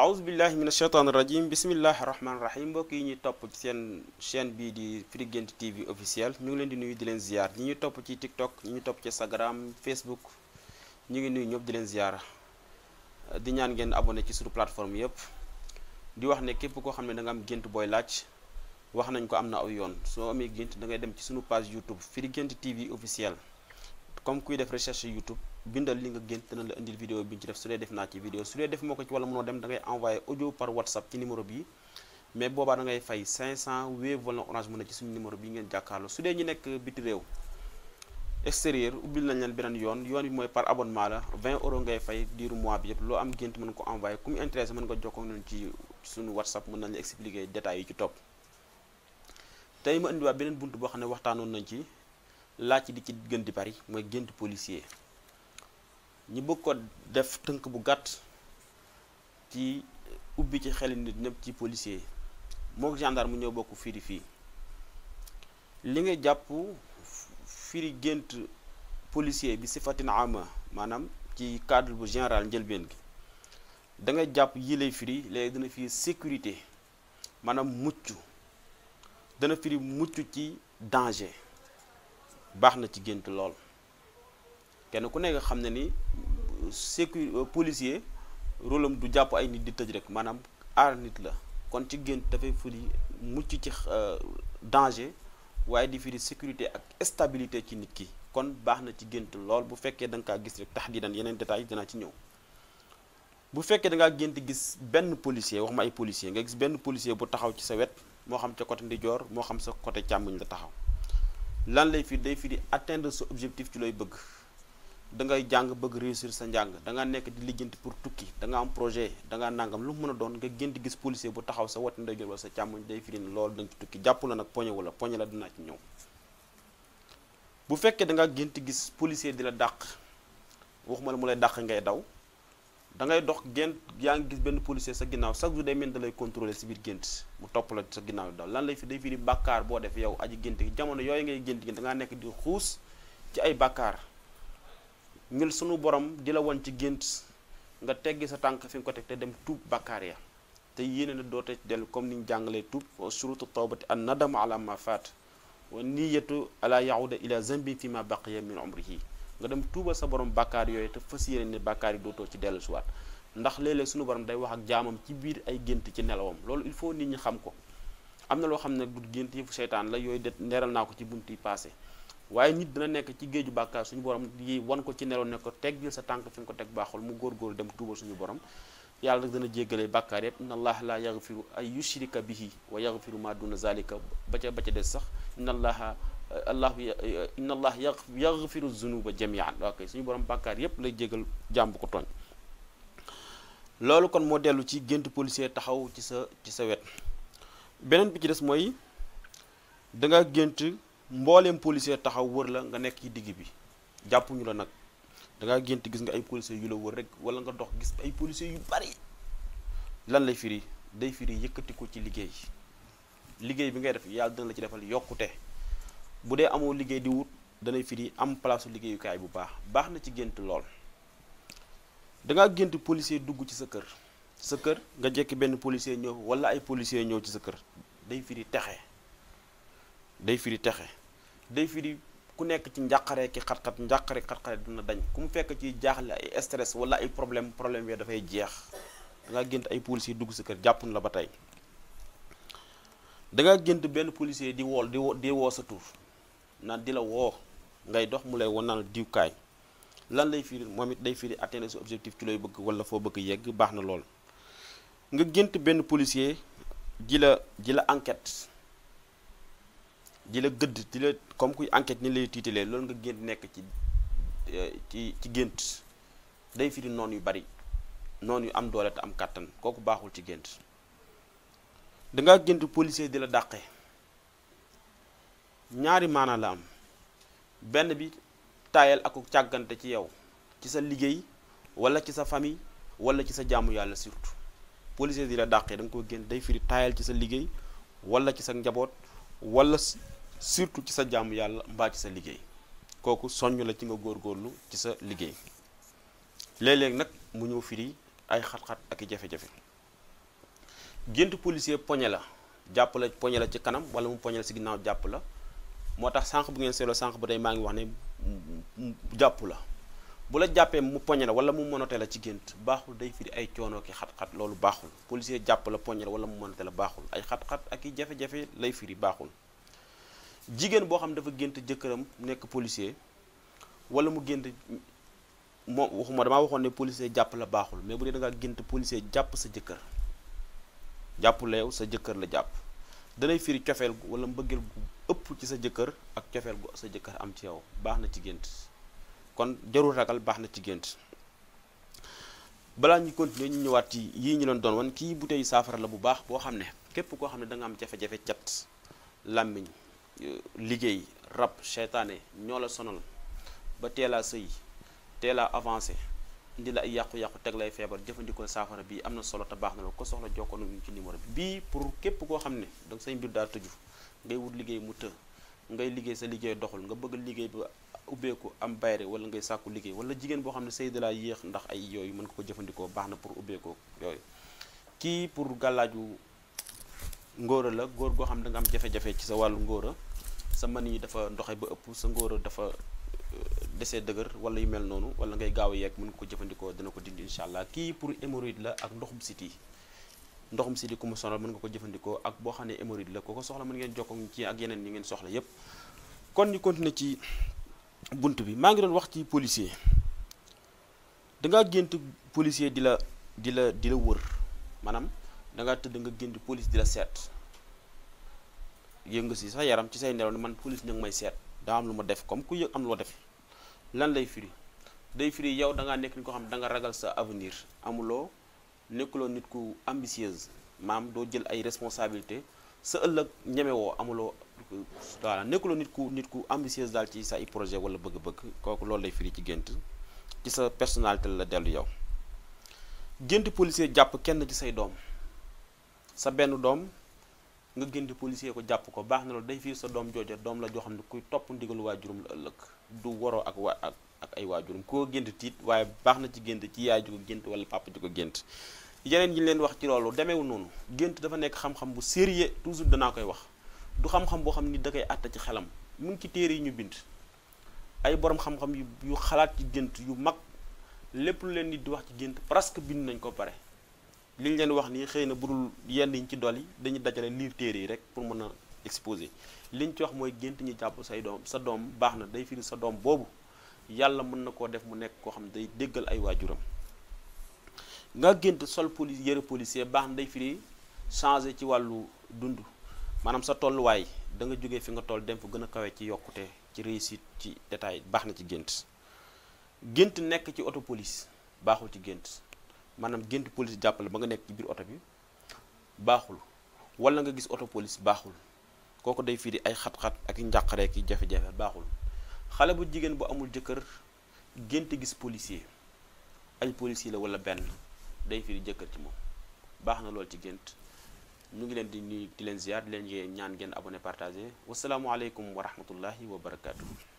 aousubillahi min asheytaan irajim bisimillahi rahmaani rahim mbokk yi ñuy topp ci seen chaîne bii di Firi Guent TV officiel ñu ngi leen di nuyu di leen ziar ñi ñu topp ci TikTok ñi ñu topp ci Instagram Facebook ñu ngi nuy ñëpp di leen ziar di ñaan ngeen abonné ci suñu plateforme yëpp di wax ne képp koo xam ne da am gént booy laaj wax nañ ko am na aw yoon soo amee gént da ngay dem ci suñu page YouTube Firi Guent TV officiel comme kuy def recherche YouTube bindal li nga gént dana la indil bi ñu ci def su dee def naa ci vidéo su dee def moo ko ci wala mënoo dem da envoyé audio par whatsapp ci numéro bi mais boobaa da ngay fay 500 Wave wala Orange Money ci suñu numéro bi ngeen jàkkaarloo su dee ñu nekk biti réew extérieur ubbil nañ leen beneen yoon yoon bi mooy par abonnement la 20 euros ngay fay diiru mois bi yëpp loo am gént mën ko envoyé ku mu intéressé mën nga jokkoo ñun ci suñu whatsapp mën nañ la expliquer détails ci topp tey ma indiwaat beneen bunt boo xam ne waxtaanoon nañ ci laaj di ci gën bari mooy gént policier ñi bëgg ko def tënk bu gàtt ci ubbi ci xel nit ñëpp ci policier moo gendarme mu ñëw bokk firi fii li nga jàpp firi gént policier bi si sifatin ama maanaam ci cadre bu général njëlbeen gi da nga jàpp yi lay firi léegi dana firi sécurité maanaam mucc dana firi mucc ci danger baax na ci gént lool kenn ku nekk xam na ni sécu euh, policier rôle du jàpp ay nit di tëj rek maanaam aar nit la kon ci gént dafay firi mucc ci euh, danger waaye di firi sécurité ak stabilité ci nit ki kon baax na ci gént lool bu fekkee da nga kaa gis rek taxdiidan yeneen détails dinaa ci ñëw bu fekkee da ngaa gént gis benn policier wax ma ay policier nga gis benn policier bu taxaw ci sa wet moo xam ca côté ndijoor moo xam sa côté càmmoñ la taxaw lan lay firi day firi atteindre sa objectif ci looy bëgg da ngay jàng bëgg réussir sa njàng da nekk di lijjanti pour tukki danga am projet da nangam lu mën a doon nga gént gis policier bu taxaw sa wati ndeyjoor sa càmmoñ day firi ne loolu da nga jàpp la nag poñe wala poñe la dinaa ci fekkee da nga gént gis policier di la dàq waxuma la mu lay dàq ngay daw da ngay dox gént yaa ngi gis benn policier sa ginnaaw chaque jour day mel da lay biir gént mu topp la sa ginnaaw daw lan lay fi day firi bàkkaar boo def yow aji gént gi jamono yooyu ngay gént gi da nekk di xuus ci ay bakkaar ngir sunu borom di la won ci gént nga teggi sa tànk fi nga ko teg te dem tuub bàkkaar ya te yéene na doote ci dellu comme ni ñu jàngalee tuub wa surutu tawbati an nadamu ala ma faat wa niyatu ala yahuda ila zambin fi ma baqiya min yi nga dem tuubal sa borom bàkkaar yooyu te fas yéene ne bàkkaar yi dootoo ci dellu siwaat ndax léeg sunu borom day wax ak jaamam ci biir ay gént ci nelawam loolu il faut nit ñi xam ko am na loo xam ne du gént yëfu seytaan la yooyu de neeral naa ko ci bunt yi passé waaye nit dina nekk ci géeju bàkkaar suñu borom yi wan ko ci neloon ne ko teggil sa tànk fi nga ko teg baaxul mu góorgóor dem tuubal suñu borom yàlla nag dana jéggalee bàkkaar yépp inna allaha la yaghfiru ay yushrika bihi wa yaghfiru ma duna zalika ba ca ba ca des sax inna allaha allahu inna allah yaghfiru zunuba jamian waa kay suñu borom bàkkaar yépp lay jégal jàmm ko tooñ loolu kon moo dellu ci gént policier taxaw ci sa ci sa wet beneen bi ci des mooy danga gént mbooleem policier taxaw wër la nga nekk ci digg bi jàppuñu la nag danga gént gis nga ay policier yu la wër rek wala nga dox gis ay policier yu bari lan lay firi day firi yëkkati ko ci liggéey liggéey bi ngay def yàlla dina la ci defal yokkute bu dee amoo liggéey di wut danay firi am place liggéeyukaay bu baax baax na ci gént lool danga gént policier dugg ci sa kër sa kër nga jekki benn policier ñëw wala ay policier ñëw ci sa kër day firi texe day firi texe day firi ku nekk ci njàqare ki xat-xat njàqare xat-xat dina dañ ku mu fekk ci jaaxle ay stress wala ay problème problème yooyu dafay jeex da ngaa gént ay policier dugg sa kër jàppuñ la ba tey da ngaa gént benn policier di wool di woo di woo sa tur na di la woo ngay dox mu lay woo naan diwkaay lan lay firi moom it day firi atteindre sa objectif ci looy bëgg wala foo bëgg yegg baax na lool nga gént benn policier ji la ji la enquête di la gëdd di la comme kuy enquête ni lay tiitalee loolu nga gént nekk ci euh, ci ci gént day firi noon yu bari noonu yu am doole te am kàttan kooku baaxul ci gént danga gént policier di la dàqe ñaari maana la am benn bi taayal ak càggante ci yow ci sa liggéey walla ci sa famille wala ci sa jaamu yàlla surtout policier di la dàqee da nga ko gént day firi taayal ci sa liggéey wala ci sa njaboot wala surtout ci sa jàmm yàlla mbaa ci sa liggéey kooku soññ la ci nga góor góorlu ci sa liggéey léeg-léeg nag mu ñëw firi ay xat-xat ak i jafe poñe la jàpp la poñe la ci kanam wala poñe si ginnaaw jàpp la moo tax sànq bu ngeen seetloo sànq ba tey maa ngi wax ne jàpp la bu la jàppee mu poñe la wala mu monote la ci gént baaxul day firi ay coono ki xat loolu baaxul policier jàpp la wala mu monote la baaxul ay xat ak i jafe-jafe lay firi baaxul jigéen boo xam ne dafa gént jëkkëram nekk policier wala mu gént moom waxuma damaa waxoon ne policier jàpp la baaxul mais bu dee da gént policier jàpp sa jëkkër jàppu la yow sa jëkkër la jàpp danay firi cofeel wala mbëggeel gu ëpp ci sa jëkkër ak cofeel gu sa jëkkër am ci yow baax na ci gént kon jarul ragal baax na ci gént balaa ñu continuer ñu ñëwaat ci yii ñu leen doon wan kii bouteille saafara la bu baax boo xam ne képp koo xam ne danga am jafe-jafe cat làmmiñ liggéey rab seytaane ñoo la sonal ba teel a sëy teel a avancé indi la yàqu-yàqu teg lay feebar jëfandikoo saafara bii am na solo te baax na la ko soxla jokkoo nañu ci numéro bi bii pour képp koo xam ne donc say mbir daa tëju ngay wut liggéey mu të ngay liggéey sa liggéey doxul nga bëgg liggéey ba ubbeeku am bayre wala ngay sàkku liggéey wala jigéen boo xam ne sëy da yéex ndax ay yooyu mën nga ko jëfandikoo baax na pour ubbeekoo yooyu kii pour gàllaaju ngóora la góor goo xam ne da am jafe ci sa wàllu ngóora sa mën yi dafa ndoxe ba ëpp sa ngóor dafa euh, desee dëgër wala yu mel noonu wala ngay gaaw a yeeg mën nga ko jëfandikoo dana ko dindi incha allah kii pour hémorroïde la ak ndoxum siti ndoxum siti ku mu sonal mën nga ko jëfandikoo ak boo xam ne hémorroïde la ko ko soxla mën ngeen jokkoo ci ak yeneen yi ngeen soxla yépp kon ñu na ci bunt bi maa ngi doon wax ci policier danga gént policier di la di la di la wër maanaam dangaa tëdd nga gént police di la seet yëngu si sa yaram ci say nelaw ne man police ñu ngi may seet daa am lu ma def comme ku yëg am loo def lan lay firi day firi yow da ngaa nekk ni ko xam ne da ragal sa avenir amuloo nekkuloo nit ku ambitieuse maam doo jël ay responsabilité sa ëllëg ñemewoo amuloo voilà nekkuloo nit ku nit ku ambitieuse daal ci sa ay projet wala bëgg-bëgg kooku loolu lay firi ci gént ci sa personnalité la dellu yow gént policier jàpp kenn ci say doom sa benn doom nga génn di ko jàpp ko baax na loolu day fiir sa doom jooja doom la joo xam ne kuy topp ndigalu waajurum la ëllëg du woro ak waa ak ak ay waajurum koo gént tiit waaye baax na ci gént ci yaay ji ko gént wala papa ji ko gént yeneen yi leen wax ci loolu demeewu noonu gént dafa nekk xam-xam bu sérieux toujours danaa koy wax du xam-xam boo xam ni da koy àtta ci xelam mu ngi ci téere yi ñu bind ay boroom xam-xam yu yu xalaat ci gént yu mag lépp lu leen nit di wax ci gént presque bind nañ ko pare li ñu leen wax nii xëy na budul yenn yi ci ci yi dañuy dajale liir téere yi rek pour mën a exposé li ñu ci wax mooy gént ñu jàpp say doom sa doom baax na day firi sa doom boobu yàlla mën na koo def mu nekk koo xam ne day déggal ay waajuram nga gént sol poli yëre policier baax na day firi changé ci wàllu dund maanaam sa tolluwaay da nga jógee fi nga toll dem fu gën a kawee ci yokkute ci réussite ci détail baax na ci gént gént nekk ci auto police baaxul ci gént maanaam gént police jàppale ba nga nekk ci biir oto bi baaxul wala nga gis auto police baaxul kooku day i ay xat-xat ak njàqare ak jafe-jafe baaxul xale bu jigéen bu amul jëkkër gént gis policier ay policier la wala benn day firi jëkkër ci moom baax na lool ci gént ñu ngi leen di nuyu di leen ziar di leen ñaan ngeen abonné partagé wasalaamualeykum wa rahmatullahi wa barakaatu.